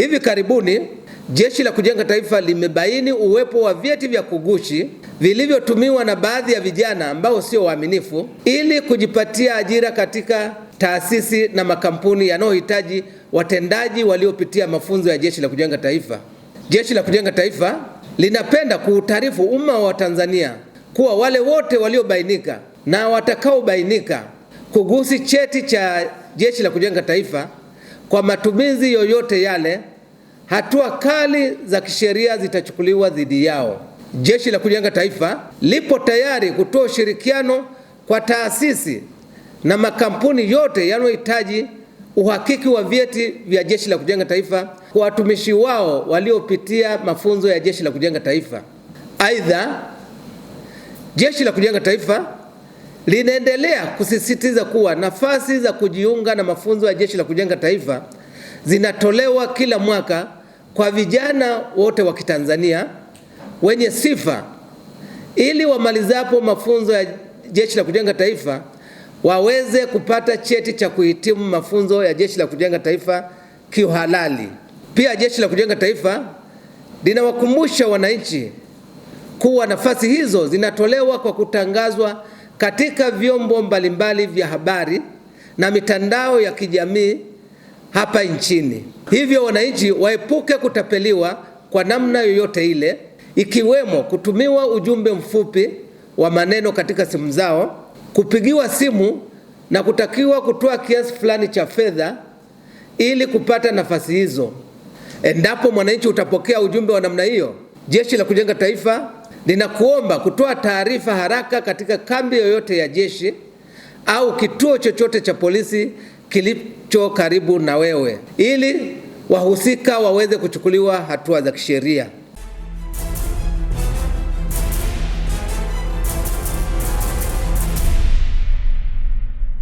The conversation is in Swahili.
Hivi karibuni Jeshi la Kujenga Taifa limebaini uwepo wa vyeti vya kugushi vilivyotumiwa na baadhi ya vijana ambao sio waaminifu ili kujipatia ajira katika taasisi na makampuni yanayohitaji watendaji waliopitia mafunzo ya Jeshi la Kujenga Taifa. Jeshi la Kujenga Taifa linapenda kuutaarifu umma wa Tanzania kuwa wale wote waliobainika na watakaobainika kugusi cheti cha Jeshi la Kujenga Taifa kwa matumizi yoyote yale hatua kali za kisheria zitachukuliwa dhidi yao. Jeshi la Kujenga Taifa lipo tayari kutoa ushirikiano kwa taasisi na makampuni yote yanayohitaji uhakiki wa vyeti vya Jeshi la Kujenga Taifa kwa watumishi wao waliopitia mafunzo ya Jeshi la Kujenga Taifa. Aidha, Jeshi la Kujenga Taifa linaendelea kusisitiza kuwa nafasi za kujiunga na mafunzo ya Jeshi la Kujenga Taifa zinatolewa kila mwaka kwa vijana wote wa Kitanzania wenye sifa ili wamalizapo mafunzo ya Jeshi la Kujenga Taifa waweze kupata cheti cha kuhitimu mafunzo ya Jeshi la Kujenga Taifa kiuhalali. Pia Jeshi la Kujenga Taifa linawakumbusha wananchi kuwa nafasi hizo zinatolewa kwa kutangazwa katika vyombo mbalimbali vya habari na mitandao ya kijamii hapa nchini. Hivyo wananchi waepuke kutapeliwa kwa namna yoyote ile, ikiwemo kutumiwa ujumbe mfupi wa maneno katika simu zao, kupigiwa simu na kutakiwa kutoa kiasi fulani cha fedha ili kupata nafasi hizo. Endapo mwananchi utapokea ujumbe wa namna hiyo, Jeshi la Kujenga Taifa linakuomba kutoa taarifa haraka katika kambi yoyote ya jeshi au kituo chochote cha polisi kilicho karibu na wewe ili wahusika waweze kuchukuliwa hatua za kisheria.